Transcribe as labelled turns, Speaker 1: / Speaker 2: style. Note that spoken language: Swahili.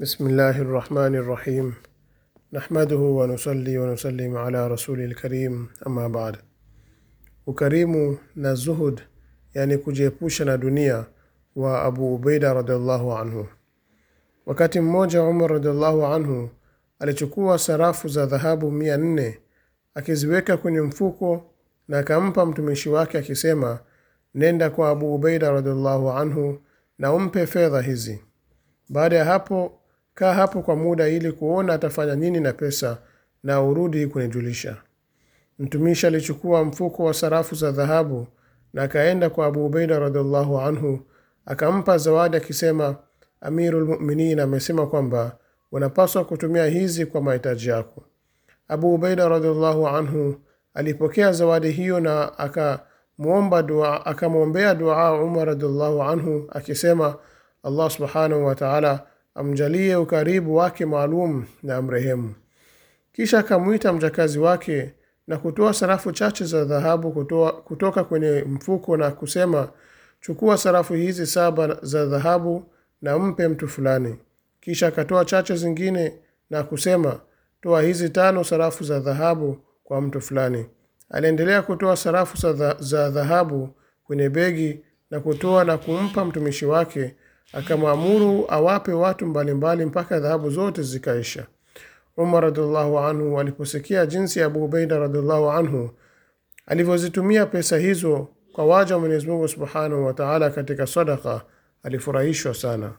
Speaker 1: بسم الله الرحمن الرحيم نحمده ونصلي ونسلم على rasuli الكريم أما بعد Ukarimu na zuhud, yani kujiepusha na dunia, wa Abu Ubaida radhiallahu anhu. Wakati mmoja Umar radiallahu anhu alichukua sarafu za dhahabu mia nne akiziweka kwenye mfuko na akampa mtumishi wake akisema, nenda kwa Abu Ubaida radhiallahu anhu na umpe fedha hizi. Baada ya hapo Kaa hapo kwa muda ili kuona atafanya nini na pesa na urudi kunijulisha. Mtumishi alichukua mfuko wa sarafu za dhahabu na akaenda kwa Abu Ubaida radhiallahu anhu, akampa zawadi akisema, Amiru lmuminin amesema kwamba unapaswa kutumia hizi kwa mahitaji yako. Abu Ubaida radhiallahu anhu alipokea zawadi hiyo na akamwombea dua, akamwombea dua Umar radhiallahu anhu akisema, Allah subhanahu wataala amjalie ukaribu wake maalum na amrehemu. Kisha akamwita mjakazi wake na kutoa sarafu chache za dhahabu kutoa, kutoka kwenye mfuko na kusema, chukua sarafu hizi saba za dhahabu na mpe mtu fulani. Kisha akatoa chache zingine na kusema, toa hizi tano sarafu za dhahabu kwa mtu fulani. Aliendelea kutoa sarafu za dhahabu kwenye begi na kutoa na kumpa mtumishi wake akamwamuru awape watu mbalimbali mpaka dhahabu zote zikaisha. Umar radhiallahu anhu aliposikia jinsi ya Abu Ubaida radhiallahu anhu alivyozitumia pesa hizo kwa waja wa Mwenyezi Mungu subhanahu wataala katika sadaka, alifurahishwa sana.